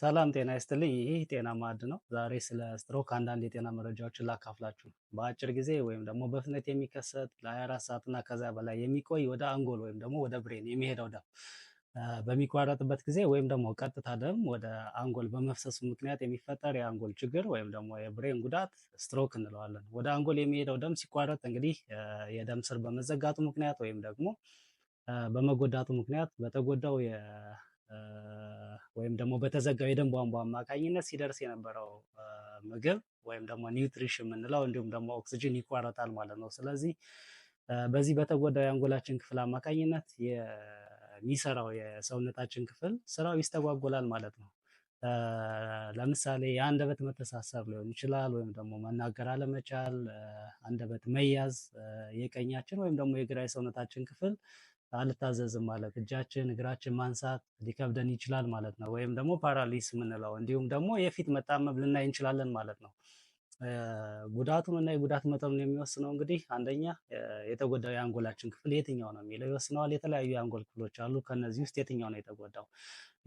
ሰላም ጤና ይስጥልኝ። ይህ ጤና ማዕድ ነው። ዛሬ ስለ ስትሮክ አንዳንድ የጤና መረጃዎችን ላካፍላችሁ። በአጭር ጊዜ ወይም ደግሞ በፍጥነት የሚከሰት ለ24 ሰዓትና ከዚያ በላይ የሚቆይ ወደ አንጎል ወይም ደግሞ ወደ ብሬን የሚሄደው ደም በሚቋረጥበት ጊዜ ወይም ደግሞ ቀጥታ ደም ወደ አንጎል በመፍሰሱ ምክንያት የሚፈጠር የአንጎል ችግር ወይም ደግሞ የብሬን ጉዳት ስትሮክ እንለዋለን። ወደ አንጎል የሚሄደው ደም ሲቋረጥ እንግዲህ የደም ስር በመዘጋቱ ምክንያት ወይም ደግሞ በመጎዳቱ ምክንያት በተጎዳው ወይም ደግሞ በተዘጋው የደም ቧንቧ አማካኝነት ሲደርስ የነበረው ምግብ ወይም ደግሞ ኒውትሪሽን የምንለው እንዲሁም ደግሞ ኦክስጅን ይቋረጣል ማለት ነው። ስለዚህ በዚህ በተጎዳው የአንጎላችን ክፍል አማካኝነት የሚሰራው የሰውነታችን ክፍል ስራው ይስተጓጎላል ማለት ነው። ለምሳሌ የአንደበት መተሳሰር ሊሆን ይችላል፣ ወይም ደግሞ መናገር አለመቻል፣ አንደበት መያዝ፣ የቀኛችን ወይም ደግሞ የግራ የሰውነታችን ክፍል አንታዘዝም ማለት እጃችን እግራችን ማንሳት ሊከብደን ይችላል ማለት ነው። ወይም ደግሞ ፓራሊስ የምንለው እንዲሁም ደግሞ የፊት መጣመም ልናይ እንችላለን ማለት ነው። ጉዳቱን እና የጉዳት መጠኑን የሚወስነው እንግዲህ አንደኛ የተጎዳው የአንጎላችን ክፍል የትኛው ነው የሚለው ይወስነዋል። የተለያዩ የአንጎል ክፍሎች አሉ። ከነዚህ ውስጥ የትኛው ነው የተጎዳው?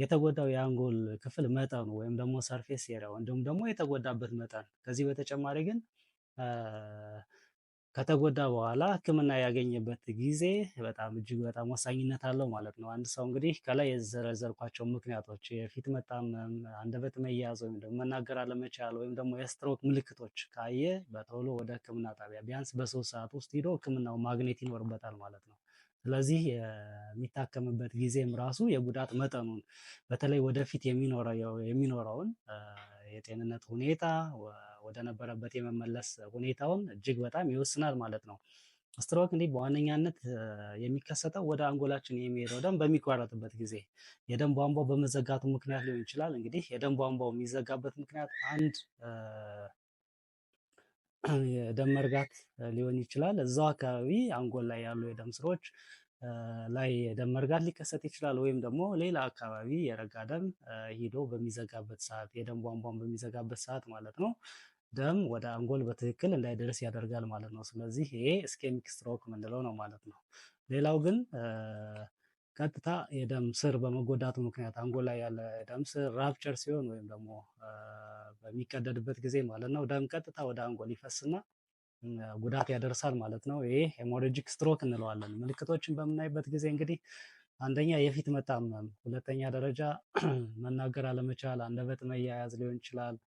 የተጎዳው የአንጎል ክፍል መጠኑ ወይም ደግሞ ሰርፌስ ኤሪያው እንዲሁም ደግሞ የተጎዳበት መጠን ከዚህ በተጨማሪ ግን ከተጎዳ በኋላ ሕክምና ያገኘበት ጊዜ በጣም እጅግ በጣም ወሳኝነት አለው ማለት ነው። አንድ ሰው እንግዲህ ከላይ የዘረዘርኳቸው ምክንያቶች የፊት መጣመም፣ አንደበት መያዝ ወይም ደግሞ መናገር አለመቻል ወይም ደግሞ የስትሮክ ምልክቶች ካየ በቶሎ ወደ ሕክምና ጣቢያ ቢያንስ በሶስት ሰዓት ውስጥ ሂዶ ሕክምናው ማግኘት ይኖርበታል ማለት ነው። ስለዚህ የሚታከምበት ጊዜም ራሱ የጉዳት መጠኑን በተለይ ወደፊት የሚኖረውን የጤንነት ሁኔታ ወደ ነበረበት የመመለስ ሁኔታውን እጅግ በጣም ይወስናል ማለት ነው። ስትሮክ እንዲህ በዋነኛነት የሚከሰተው ወደ አንጎላችን የሚሄደው ደም በሚቋረጥበት ጊዜ የደም ቧንቧው በመዘጋቱ ምክንያት ሊሆን ይችላል። እንግዲህ የደም ቧንቧው የሚዘጋበት ምክንያት አንድ የደም መርጋት ሊሆን ይችላል። እዛው አካባቢ አንጎል ላይ ያሉ የደም ስሮች ላይ የደም መርጋት ሊከሰት ይችላል። ወይም ደግሞ ሌላ አካባቢ የረጋ ደም ሂዶ በሚዘጋበት ሰዓት የደም ቧንቧን በሚዘጋበት ሰዓት ማለት ነው ደም ወደ አንጎል በትክክል እንዳይደርስ ያደርጋል ማለት ነው። ስለዚህ ይሄ ስኬሚክ ስትሮክ ምንለው ነው ማለት ነው። ሌላው ግን ቀጥታ የደም ስር በመጎዳቱ ምክንያት አንጎል ላይ ያለ ደም ስር ራፕቸር ሲሆን ወይም ደግሞ በሚቀደድበት ጊዜ ማለት ነው ደም ቀጥታ ወደ አንጎል ይፈስና ጉዳት ያደርሳል ማለት ነው። ይሄ ሄሞሬጂክ ስትሮክ እንለዋለን። ምልክቶችን በምናይበት ጊዜ እንግዲህ አንደኛ የፊት መጣመም፣ ሁለተኛ ደረጃ መናገር አለመቻል፣ አንደበት መያያዝ ሊሆን ይችላል።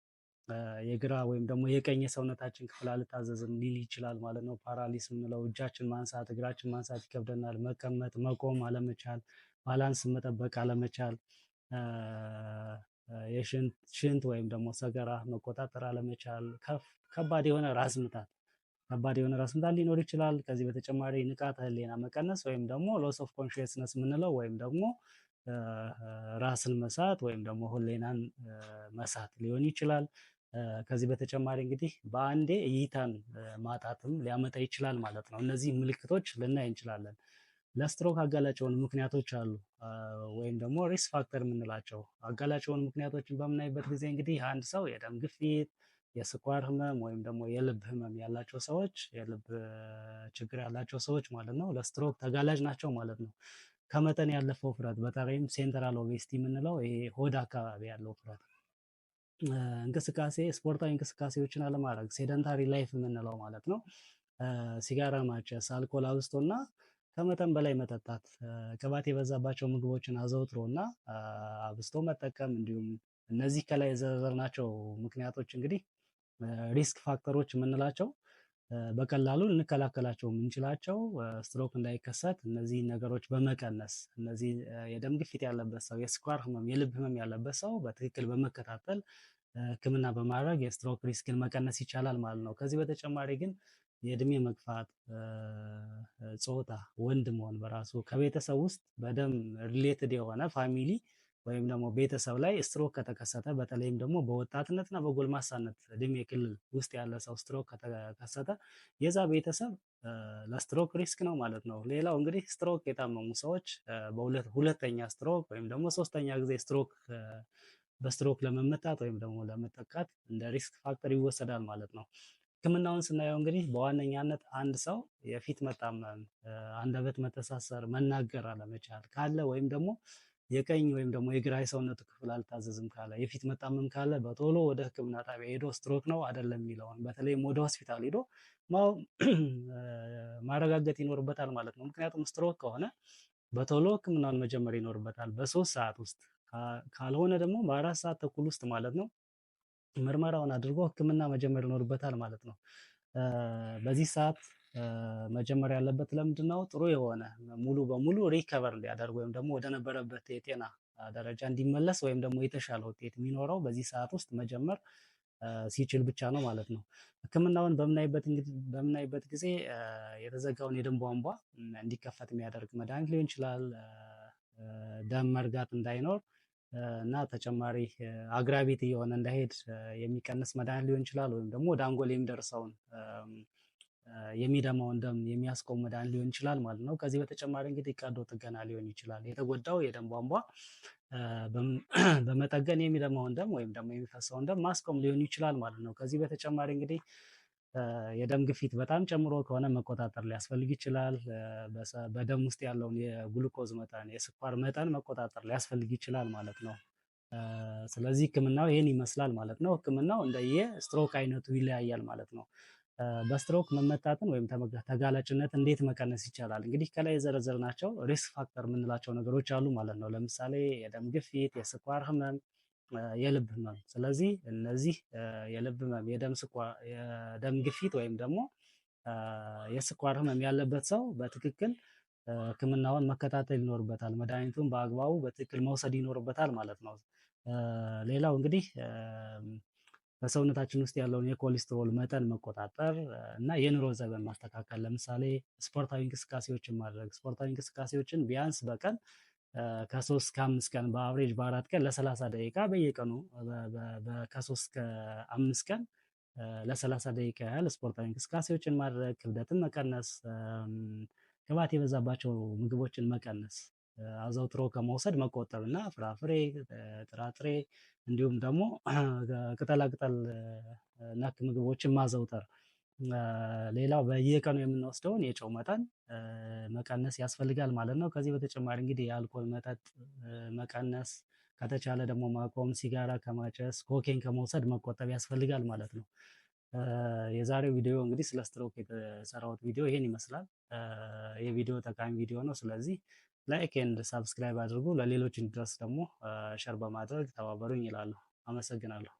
የግራ ወይም ደግሞ የቀኝ የሰውነታችን ክፍል አልታዘዝም ሊል ይችላል ማለት ነው። ፓራሊስ የምንለው እጃችን ማንሳት፣ እግራችን ማንሳት ይከብደናል፣ መቀመጥ፣ መቆም አለመቻል፣ ባላንስ መጠበቅ አለመቻል፣ የሽንት ወይም ደግሞ ሰገራ መቆጣጠር አለመቻል፣ ከባድ የሆነ ራስ ምታት ከባድ የሆነ ራስ ምታት ሊኖር ይችላል። ከዚህ በተጨማሪ ንቃተ ህሊና መቀነስ ወይም ደግሞ ሎስ ኦፍ ኮንሽስነስ የምንለው ወይም ደግሞ ራስን መሳት ወይም ደግሞ ህሊናን መሳት ሊሆን ይችላል። ከዚህ በተጨማሪ እንግዲህ በአንዴ እይታን ማጣትም ሊያመጣ ይችላል ማለት ነው። እነዚህ ምልክቶች ልናይ እንችላለን። ለስትሮክ አጋላጭ የሆኑ ምክንያቶች አሉ፣ ወይም ደግሞ ሪስክ ፋክተር የምንላቸው አጋላጭ የሆኑ ምክንያቶችን በምናይበት ጊዜ እንግዲህ አንድ ሰው የደም ግፊት፣ የስኳር ህመም ወይም ደግሞ የልብ ህመም ያላቸው ሰዎች፣ የልብ ችግር ያላቸው ሰዎች ማለት ነው ለስትሮክ ተጋላጭ ናቸው ማለት ነው። ከመጠን ያለፈው ውፍረት በተለይም ሴንትራል ኦቤሲቲ የምንለው ይሄ ሆድ አካባቢ ያለው ውፍረት እንቅስቃሴ ስፖርታዊ እንቅስቃሴዎችን አለማድረግ ሴደንታሪ ላይፍ የምንለው ማለት ነው። ሲጋራ ማጨስ፣ አልኮል አብስቶ እና ከመጠን በላይ መጠጣት፣ ቅባት የበዛባቸው ምግቦችን አዘውትሮ እና አብስቶ መጠቀም እንዲሁም እነዚህ ከላይ የዘረዘርናቸው ምክንያቶች እንግዲህ ሪስክ ፋክተሮች የምንላቸው በቀላሉ ልንከላከላቸው የምንችላቸው ስትሮክ እንዳይከሰት እነዚህን ነገሮች በመቀነስ እነዚህ የደም ግፊት ያለበት ሰው፣ የስኳር ህመም፣ የልብ ህመም ያለበት ሰው በትክክል በመከታተል ህክምና በማድረግ የስትሮክ ሪስክን መቀነስ ይቻላል ማለት ነው። ከዚህ በተጨማሪ ግን የእድሜ መግፋት፣ ጾታ፣ ወንድ መሆን በራሱ ከቤተሰብ ውስጥ በደም ሪሌትድ የሆነ ፋሚሊ ወይም ደግሞ ቤተሰብ ላይ ስትሮክ ከተከሰተ በተለይም ደግሞ በወጣትነትና በጎልማሳነት እድሜ ክልል ውስጥ ያለ ሰው ስትሮክ ከተከሰተ የዛ ቤተሰብ ለስትሮክ ሪስክ ነው ማለት ነው። ሌላው እንግዲህ ስትሮክ የታመሙ ሰዎች በሁለተኛ ስትሮክ ወይም ደግሞ ሶስተኛ ጊዜ ስትሮክ በስትሮክ ለመመታት ወይም ደግሞ ለመጠቃት እንደ ሪስክ ፋክተር ይወሰዳል ማለት ነው። ሕክምናውን ስናየው እንግዲህ በዋነኛነት አንድ ሰው የፊት መጣመም፣ አንደበት መተሳሰር፣ መናገር አለመቻል ካለ ወይም ደግሞ የቀኝ ወይም ደግሞ የግራ የሰውነቱ ክፍል አልታዘዝም ካለ የፊት መጣመም ካለ በቶሎ ወደ ሕክምና ጣቢያ ሄዶ ስትሮክ ነው አይደለም የሚለውን በተለይም ወደ ሆስፒታል ሄዶ ማረጋገጥ ይኖርበታል ማለት ነው። ምክንያቱም ስትሮክ ከሆነ በቶሎ ሕክምናውን መጀመር ይኖርበታል በሶስት ሰዓት ውስጥ ካልሆነ ደግሞ በአራት ሰዓት ተኩል ውስጥ ማለት ነው ምርመራውን አድርጎ ሕክምና መጀመር ይኖርበታል ማለት ነው። በዚህ ሰዓት መጀመር ያለበት ለምንድን ነው? ጥሩ የሆነ ሙሉ በሙሉ ሪከቨር እንዲያደርግ ወይም ደግሞ ወደነበረበት የጤና ደረጃ እንዲመለስ ወይም ደግሞ የተሻለ ውጤት የሚኖረው በዚህ ሰዓት ውስጥ መጀመር ሲችል ብቻ ነው ማለት ነው። ሕክምናውን በምናይበት ጊዜ የተዘጋውን የደም ቧንቧ እንዲከፈት የሚያደርግ መድኃኒት ሊሆን ይችላል። ደም መርጋት እንዳይኖር እና ተጨማሪ አግራቢት እየሆነ እንዳይሄድ የሚቀንስ መድኃኒት ሊሆን ይችላል። ወይም ደግሞ ወደ አንጎል የሚደርሰውን የሚደማውን ደም የሚያስቆም መድኃኒት ሊሆን ይችላል ማለት ነው። ከዚህ በተጨማሪ እንግዲህ ቀዶ ጥገና ሊሆን ይችላል። የተጎዳው የደም ቧንቧ በመጠገን የሚደማውን ደም ወይም ደግሞ የሚፈሰውን ደም ማስቆም ሊሆን ይችላል ማለት ነው። ከዚህ በተጨማሪ እንግዲህ የደም ግፊት በጣም ጨምሮ ከሆነ መቆጣጠር ሊያስፈልግ ይችላል። በደም ውስጥ ያለውን የግሉኮዝ መጠን፣ የስኳር መጠን መቆጣጠር ሊያስፈልግ ይችላል ማለት ነው። ስለዚህ ሕክምናው ይህን ይመስላል ማለት ነው። ሕክምናው እንደየ ስትሮክ አይነቱ ይለያያል ማለት ነው። በስትሮክ መመጣትን ወይም ተጋላጭነት እንዴት መቀነስ ይቻላል? እንግዲህ ከላይ ናቸው ሪስክ ፋክተር የምንላቸው ነገሮች አሉ ማለት ነው። ለምሳሌ የደም ግፊት፣ የስኳር ህመም፣ የልብ ህመም። ስለዚህ እነዚህ የልብ ህመም፣ የደም ግፊት ወይም ደግሞ የስኳር ህመም ያለበት ሰው በትክክል ህክምናውን መከታተል ይኖርበታል። መድኃኒቱን በአግባቡ በትክክል መውሰድ ይኖርበታል ማለት ነው። ሌላው እንግዲህ በሰውነታችን ውስጥ ያለውን የኮሌስትሮል መጠን መቆጣጠር እና የኑሮ ዘበን ማስተካከል፣ ለምሳሌ ስፖርታዊ እንቅስቃሴዎችን ማድረግ። ስፖርታዊ እንቅስቃሴዎችን ቢያንስ በቀን ከሶስት ከአምስት ቀን በአብሬጅ በአራት ቀን ለሰላሳ ደቂቃ በየቀኑ ከሶስት ከአምስት ቀን ለሰላሳ ደቂቃ ያህል ስፖርታዊ እንቅስቃሴዎችን ማድረግ፣ ክብደትን መቀነስ፣ ቅባት የበዛባቸው ምግቦችን መቀነስ አዘውትሮ ከመውሰድ መቆጠብ እና ፍራፍሬ፣ ጥራጥሬ እንዲሁም ደግሞ ቅጠላቅጠል ነክ ምግቦችን ማዘውተር። ሌላው በየቀኑ የምንወስደውን የጨው መጠን መቀነስ ያስፈልጋል ማለት ነው። ከዚህ በተጨማሪ እንግዲህ የአልኮል መጠጥ መቀነስ ከተቻለ ደግሞ ማቆም፣ ሲጋራ ከማጨስ ኮኬን ከመውሰድ መቆጠብ ያስፈልጋል ማለት ነው። የዛሬው ቪዲዮ እንግዲህ ስለ ስትሮክ የተሰራሁት ቪዲዮ ይሄን ይመስላል። የቪዲዮ ጠቃሚ ቪዲዮ ነው። ስለዚህ ላይክ ኤንድ ሳብስክራይብ አድርጉ። ለሌሎች እንዲደርስ ደግሞ ሸር በማድረግ ተባበሩኝ ይላሉ። አመሰግናለሁ።